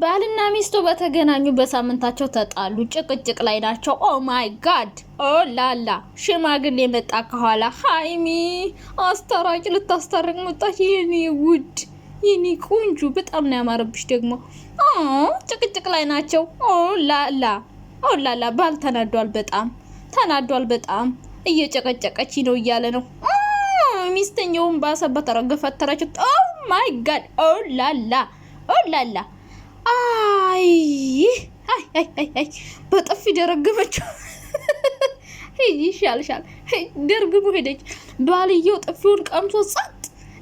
ባልና ሚስቱ በተገናኙ በሳምንታቸው ተጣሉ። ጭቅጭቅ ላይ ናቸው። ኦ ማይ ጋድ ኦ ላላ! ሽማግሌ መጣ ከኋላ። ሀይሚ አስታራቂ ልታስታርቅ መጣች። የኔ ውድ የኔ ቆንጆ በጣም ነው ያማረብሽ። ደግሞ ጭቅጭቅ ላይ ናቸው። ኦ ላላ ኦ ላላ! ባል ተናዷል፣ በጣም ተናዷል። በጣም እየጨቀጨቀች ነው እያለ ነው። ሚስተኛውን ባሰበት ረገፈተረችው። ኦ ማይ ጋድ ኦ ላላ ኦ ላላ አይ አይ በጥፊ ደረገመችው። ይሻልሻል ደርግሞ ሄደች። ባልየው ጥፊውን ቀምቶ ጸጥ።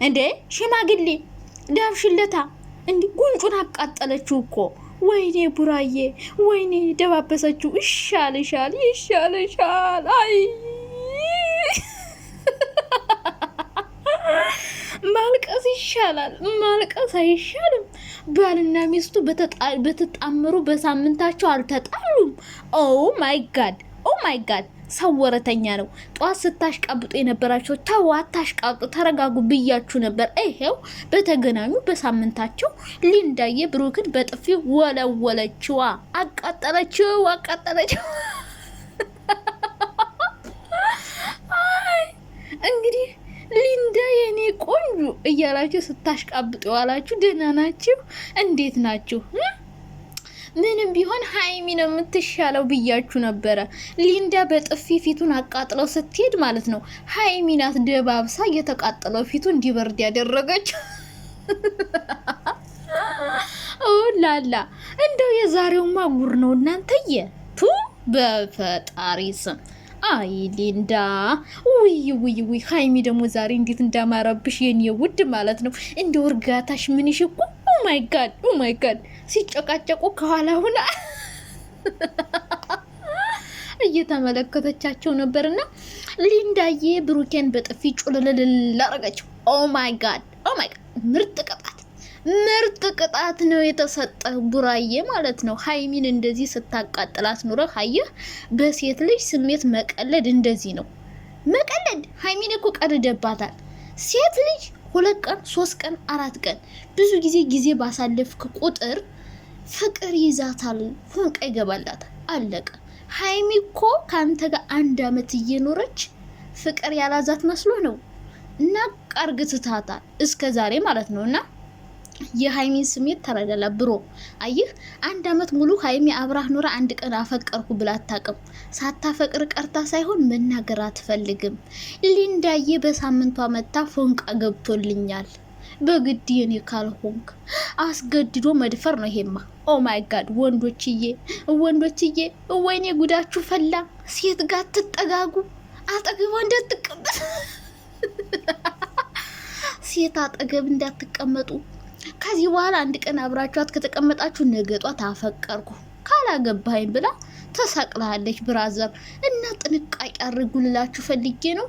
እንዴ ሽማግሌ ዳብሽለታ እንዲ ጉንጩን አቃጠለችው እኮ ወይኔ ቡራዬ፣ ወይኔ ደባበሰችው። ይሻልሻል ይሻልሻል። አይ ማልቀስ ይሻላል፣ ማልቀስ አይሻልም። ባልና ሚስቱ በተጣመሩ በሳምንታቸው አልተጣሉም። ኦ ማይ ጋድ ኦ ማይ ጋድ ሰው ወረተኛ ነው። ጠዋት ስታሽቃብጡ የነበራቸው ተው አታሽቃብጡ፣ ተረጋጉ ብያችሁ ነበር። ይሄው በተገናኙ በሳምንታቸው ሊንዳዬ ብሩክን በጥፊ ወለወለችዋ፣ አቃጠለችው፣ አቃጠለችው። እንግዲህ ሊንዳ የኔ ቆንጆ እያላችሁ ስታሽቃብጡ የዋላችሁ ደህና ናችሁ? እንዴት ናችሁ? ምንም ቢሆን ሀይሚ ነው የምትሻለው ብያችሁ ነበረ። ሊንዳ በጥፊ ፊቱን አቃጥለው ስትሄድ ማለት ነው ሀይሚ ናት ደባብሳ እየተቃጠለው ፊቱ እንዲበርድ ያደረገችው። ላላ እንደው የዛሬውማ ጉር ነው እናንተየ ቱ በፈጣሪ ስም አይ ሊንዳ፣ ውይ ውይ ውይ፣ ሀይሚ ደግሞ ዛሬ እንዴት እንዳማረብሽ የኔ ውድ ማለት ነው። እንደ እርጋታሽ ምንሽ እኮ ማይ ጋድ ማይ ጋድ፣ ሲጨቃጨቁ ከኋላ ሁና እየተመለከተቻቸው ነበርና ሊንዳዬ ብሩኬን በጥፊ ጩልልልል አረገችው። ጋድ ማይ ጋድ፣ ምርጥ ቀ ምርጥ ቅጣት ነው የተሰጠ ቡራዬ ማለት ነው። ሀይሚን እንደዚህ ስታቃጥላት ኑረ አየህ። በሴት ልጅ ስሜት መቀለድ እንደዚህ ነው መቀለድ። ሀይሚን እኮ ቀልደባታል። ሴት ልጅ ሁለት ቀን ሶስት ቀን አራት ቀን ብዙ ጊዜ ጊዜ ባሳለፍክ ቁጥር ፍቅር ይዛታል፣ ሆንቃ ይገባላታል። አለቀ። ሀይሚ እኮ ከአንተ ጋር አንድ አመት እየኖረች ፍቅር ያላዛት መስሎ ነው እና ቃርግ ትታታል እስከ ዛሬ ማለት ነው እና የሀይሚን ስሜት ተረዳላ ብሮ አይህ አንድ አመት ሙሉ ሀይሚ አብራህ ኑራ አንድ ቀን አፈቀርኩ ብላ አታቅም። ሳታፈቅር ቀርታ ሳይሆን መናገር አትፈልግም። ሊንዳዬ በሳምንቷ መታ ፎንቃ ገብቶልኛል። በግድ የኔ ካልሆንክ አስገድዶ መድፈር ነው ይሄማ። ኦ ማይ ጋድ ወንዶችዬ፣ ወንዶችዬ፣ ወይኔ ጉዳችሁ ፈላ። ሴት ጋር ትጠጋጉ አጠግቧ እንዳትቀመጥ ሴት አጠገብ እንዳትቀመጡ ከዚህ በኋላ አንድ ቀን አብራችኋት ከተቀመጣችሁ ጧት አፈቀርኩ ካላገባኝ ብላ ተሰቅላለች ብራዘር እና ጥንቃቄ አድርጉላችሁ ፈልጌ ነው።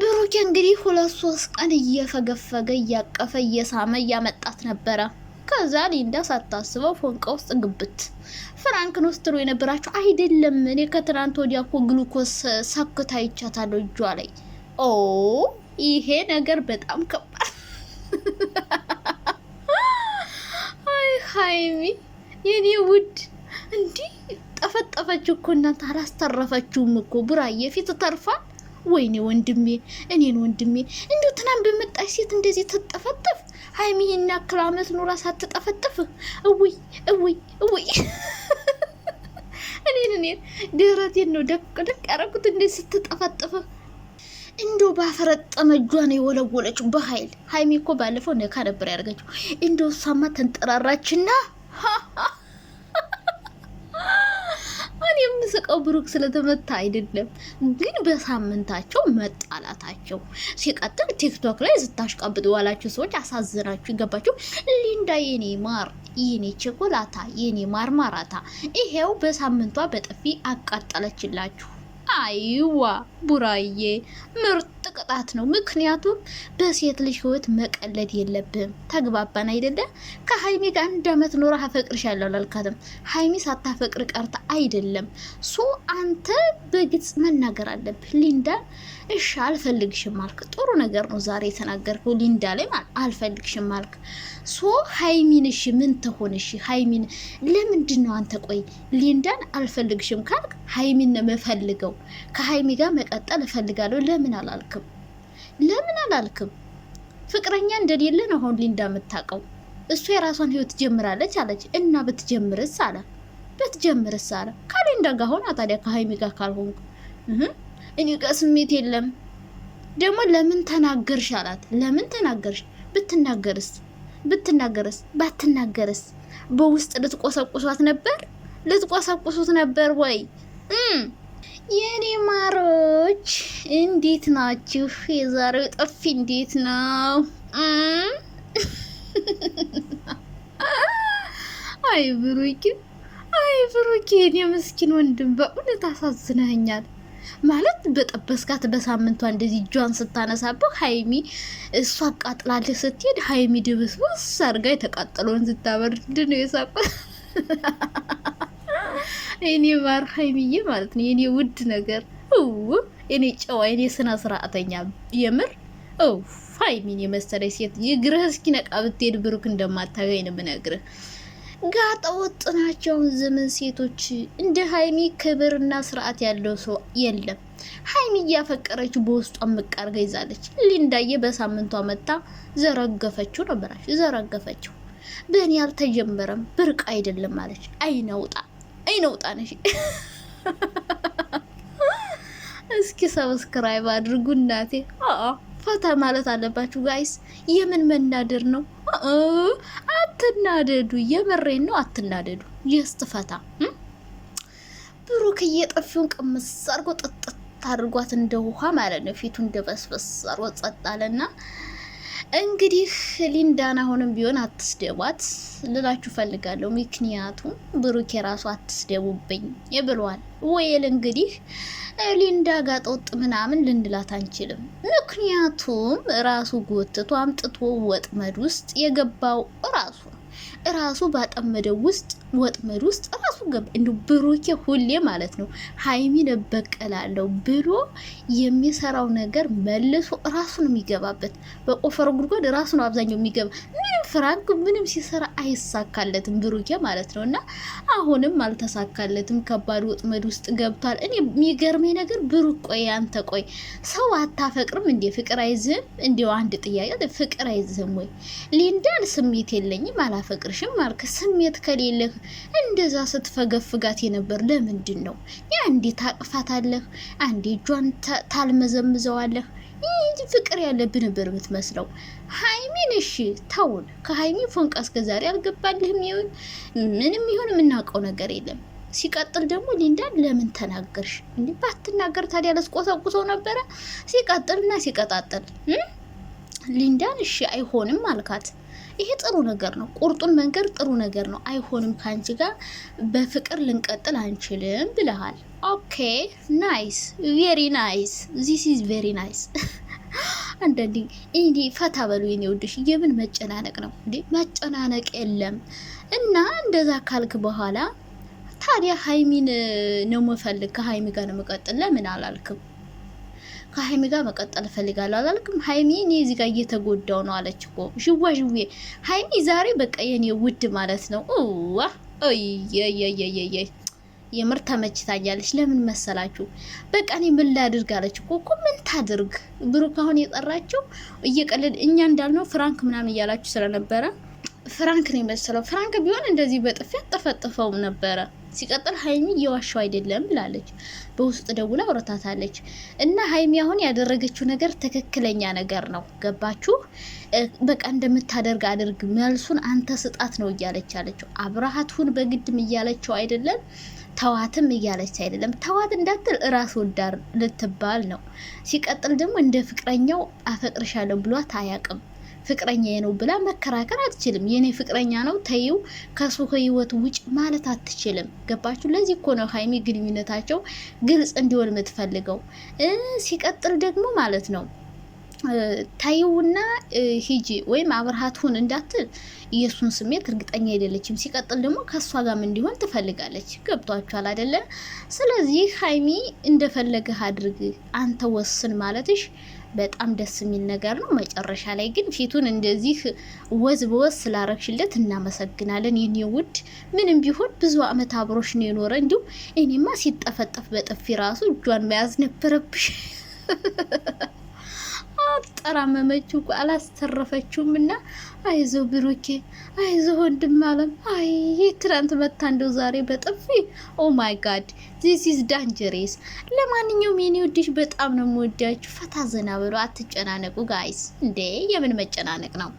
ብሩኬ እንግዲህ ሁለት ሶስት ቀን እየፈገፈገ እያቀፈ እየሳመ እያመጣት ነበረ። ከዛ ሊንዳ ሳታስበው ፎንቃ ውስጥ ግብት ፍራንክን ውስጥ ነው የነበራቸው። አይደለም እኔ ከትናንት ወዲያ እኮ ግሉኮስ ሰክታ ይቻታለሁ እጇ ላይ። ኦ ይሄ ነገር በጣም ከባድ ሀይሚ የኔ ውድ እንዲህ ጠፈጠፈች እኮ እናንተ አላስተረፈችውም እኮ ቡራዬ ፊት ተርፋ ወይኔ ወንድሜ፣ እኔን ወንድሜ፣ እንዲሁ ትናንት በመጣች ሴት እንደዚህ ትጠፈጠፍ ሀይሚ ይህን ያክል አመት ኑራ ሳትጠፈጥፍ እውይ እውይ እውይ እኔን እኔን ደረቴን ነው ደቅ ደቅ ያረኩት እንዴት ስትጠፈጥፍ እንዶ ባፈረጠመ እጇን የወለወለችው በኃይል ሀይሚ እኮ ባለፈው ነካ ነበር ያደርገችው። እንዲያው እሷማ ተንጠራራችና እኔ የምስቀው ብሩክ ስለተመታ አይደለም፣ ግን በሳምንታቸው መጣላታቸው ሲቀጥል ቲክቶክ ላይ ስታሽቃብጥ ዋላችሁ ሰዎች አሳዝናችሁ ይገባችሁ። ሊንዳ የኔ ማር የኔ ቸኮላታ የኔ ማርማራታ ይሄው በሳምንቷ በጥፊ አቃጠለችላችሁ። አይዋ ቡራዬ ምርጥ ቅጣት ነው። ምክንያቱም በሴት ልጅ ህይወት መቀለድ የለብህም። ተግባባን አይደለ? ከሀይሚ ጋር አንድ አመት ኖረ አፈቅርሻለሁ አላልካትም። ሀይሚ ሳታፈቅር ቀርታ አይደለም። ሶ አንተ በግልጽ መናገር አለብህ ሊንዳ እሺ አልፈልግሽም አልክ። ጥሩ ነገር ነው ዛሬ የተናገርከው ሊንዳ ላይ ማለት አልፈልግሽም አልክ። ሶ ሀይሚን ምን ተሆንሽ? ሀይሚን ለምንድን ነው አንተ? ቆይ ሊንዳን አልፈልግሽም ካልክ ሀይሚን ነው የምፈልገው። ከሀይሚ ጋር መቀጠል እፈልጋለሁ። ለምን አላልክም? ለምን አላልክም? ፍቅረኛ እንደሌለ ነው አሁን ሊንዳ የምታውቀው። እሷ የራሷን ህይወት ጀምራለች አለች እና ብትጀምርስ አለ ብትጀምርስ አለ ከሊንዳ ጋር ሆና ታዲያ ከሀይሚ ጋር ካልሆንኩ እኔ ጋር ስሜት የለም። ደግሞ ለምን ተናገርሽ አላት። ለምን ተናገርሽ? ብትናገርስ ብትናገርስ ባትናገርስ በውስጥ ልትቆሰቁሷት ነበር፣ ልትቆሰቁሱት ነበር ወይ? የኔ ማሮች እንዴት ናችሁ? የዛሬው ጠፊ እንዴት ነው? አይ ብሩኬ፣ አይ ብሩኬ፣ የኔ ምስኪን ወንድም በእውነት አሳዝነኛል። ማለት በጠበስካት በሳምንቷ እንደዚህ እጇን ስታነሳብህ ሀይሚ እሷ አቃጥላለች ስትሄድ ሀይሚ ድብስብስ አርጋ የተቃጠለውን ስታበርድ ነው የሳቁ። እኔ ማር ሀይሚዬ ማለት ነው የኔ ውድ ነገር እኔ ጨዋ የኔ ስነ ስርዓተኛ የምር ፋይሚን የመሰለች ሴት የግርህ እስኪነቃ ብትሄድ ብሩክ እንደማታገኝ ነው የምነግርህ። ጋጠ ወጥ ናቸውን ዘመን ሴቶች እንደ ሀይሚ ክብርና ስርዓት ያለው ሰው የለም። ሀይሚ እያፈቀረች በውስጧ መቃርጋ ይዛለች። ሊንዳዬ በሳምንቷ መታ ዘረገፈችው ነበራች ዘረገፈችው። በእኔ አልተጀመረም ብርቅ አይደለም አለች። አይነውጣ አይነውጣ ነሽ። እስኪ ሰብስክራይብ አድርጉ እናቴ። ፈታ ማለት አለባችሁ ጋይስ። የምን መናደር ነው? አትናደዱ፣ የመሬን ነው አትናደዱ። የስትፈታ ብሩክ እየጠፊውን ቅምስ አድርጎ ጥጥት አድርጓት እንደ ውሃ ማለት ነው። ፊቱ እንደ በስበስ አድርጎ ጸጥ አለና እንግዲህ ሊንዳን አሁንም ቢሆን አትስደቧት ልላችሁ ፈልጋለሁ። ምክንያቱም ብሩክ የራሱ አትስደቡብኝ ብሏል። ወይል እንግዲህ ሊንዳ ጋጠወጥ ምናምን ልንላት አንችልም። ምክንያቱም ራሱ ጎትቶ አምጥቶ ወጥመድ ውስጥ የገባው ራሱ ራሱ ባጠመደው ውስጥ ወጥመድ ውስጥ እንዲ ብሩኬ ሁሌ ማለት ነው ሀይሚን እበቀላለሁ ብሎ የሚሰራው ነገር መልሶ ራሱ ነው የሚገባበት። በቆፈረ ጉድጓድ ራሱ ነው አብዛኛው የሚገባ ፍራንክ ምንም ሲሰራ አይሳካለትም ብሩኬ ማለት ነው። እና አሁንም አልተሳካለትም። ከባድ ወጥመድ ውስጥ ገብቷል። እኔ የሚገርመኝ ነገር ብሩክ፣ ቆይ አንተ ቆይ ሰው አታፈቅርም እንዴ? ፍቅር አይዝህም? እንዲው አንድ ጥያቄ ፍቅር አይዝህም ወይ? ሊንዳን ስሜት የለኝም አላፈቅርሽም ማልክ ስሜት ከሌለህ እንደዛ ስትፈገፍጋት የነበር ለምንድን ነው? ያ እንዴ ታቅፋታለህ፣ አንዴ እጇን ታልመዘምዘዋለህ ፍቅር ያለብህ ነበር የምትመስለው። ሀይሚን እሺ ተውን፣ ከሀይሚ ፎንቃ እስከ ዛሬ አልገባልህም። ይሁን ምንም ይሁን የምናውቀው ነገር የለም። ሲቀጥል ደግሞ ሊንዳን ለምን ተናገርሽ? እንዲህ ባትናገር ታዲያ ለስቆሰቁሰው ነበረ። ሲቀጥልና ሲቀጣጥል ሊንዳን እሺ አይሆንም አልካት። ይሄ ጥሩ ነገር ነው። ቁርጡን መንገር ጥሩ ነገር ነው። አይሆንም ከአንቺ ጋር በፍቅር ልንቀጥል አንችልም ብለሃል። ኦኬ ናይስ፣ ቬሪ ናይስ፣ ዚስ ኢዝ ቬሪ ናይስ። አንዳንዴ እንዲ ፈታ በሉ የኔ ውድሽ፣ የምን መጨናነቅ ነው እንዴ? መጨናነቅ የለም። እና እንደዛ ካልክ በኋላ ታዲያ ሀይሚን ነው መፈልግ፣ ከሀይሚ ጋር ነው መቀጥል፣ ለምን አላልክም? ከሀይሚ ጋር መቀጠል እፈልጋለሁ አላልክም? ሀይሚ እኔ እዚህ ጋር እየተጎዳው ነው አለች እኮ ዥዋ ዥዌ። ሀይሚ ዛሬ በቃ የኔ ውድ ማለት ነው። ዋ የምር ተመችታኛለች። ለምን መሰላችሁ? በቃ እኔ ምን ላድርግ አለች እኮ እኮ ምን ታድርግ ብሩክ። አሁን የጠራችው እየቀለድ እኛ እንዳልነው ፍራንክ ምናምን እያላችሁ ስለነበረ ፍራንክ ነው የመሰለው። ፍራንክ ቢሆን እንደዚህ በጥፊ ያጠፈጥፈው ነበረ። ሲቀጥል ሀይሚ እየዋሸው አይደለም ብላለች። በውስጥ ደውላ አውርታታለች። እና ሀይሚ አሁን ያደረገችው ነገር ትክክለኛ ነገር ነው። ገባችሁ? በቃ እንደምታደርግ አድርግ፣ መልሱን አንተ ስጣት ነው እያለች አለችው። አብረሃትሁን በግድም እያለችው አይደለም ተዋትም እያለች አይደለም። ተዋት እንዳትል እራስ ወዳድ ልትባል ነው። ሲቀጥል ደግሞ እንደ ፍቅረኛው አፈቅርሻለሁ ብሏት አያውቅም። ፍቅረኛ ነው ብላ መከራከር አትችልም። የኔ ፍቅረኛ ነው ተይው ከሱ ህይወት ውጭ ማለት አትችልም። ገባችሁ? ለዚህ እኮ ነው ሀይሚ ግንኙነታቸው ግልጽ እንዲሆን የምትፈልገው። ሲቀጥል ደግሞ ማለት ነው ታይውና ሂጂ ወይም አብርሃት ሁን እንዳትል የእሱን ስሜት እርግጠኛ አይደለችም። ሲቀጥል ደግሞ ከእሷ ጋርም እንዲሆን ትፈልጋለች። ገብቷችኋል አይደለም? ስለዚህ ሀይሚ እንደፈለገህ አድርግ አንተ ወስን ማለትሽ በጣም ደስ የሚል ነገር ነው። መጨረሻ ላይ ግን ፊቱን እንደዚህ ወዝ በወዝ ስላረግሽለት እናመሰግናለን የኔ ውድ። ምንም ቢሆን ብዙ አመት አብሮሽ ነው የኖረ። እንዲሁም እኔማ ሲጠፈጠፍ በጥፊ ራሱ እጇን መያዝ ነበረብሽ። አጠራመመችው አላስተረፈችውም። እና አይዞ ብሩኬ፣ አይዞ ወንድም አለም። አይ ትናንት መታ እንደው ዛሬ በጥፊ ኦ ማይ ጋድ ዚስ ኢዝ ዳንጀሬስ። ለማንኛውም የኔ ውድሽ በጣም ነው የምወዳችሁ። ፈታ ዘና ብሎ አትጨናነቁ ጋይስ። እንዴ የምን መጨናነቅ ነው?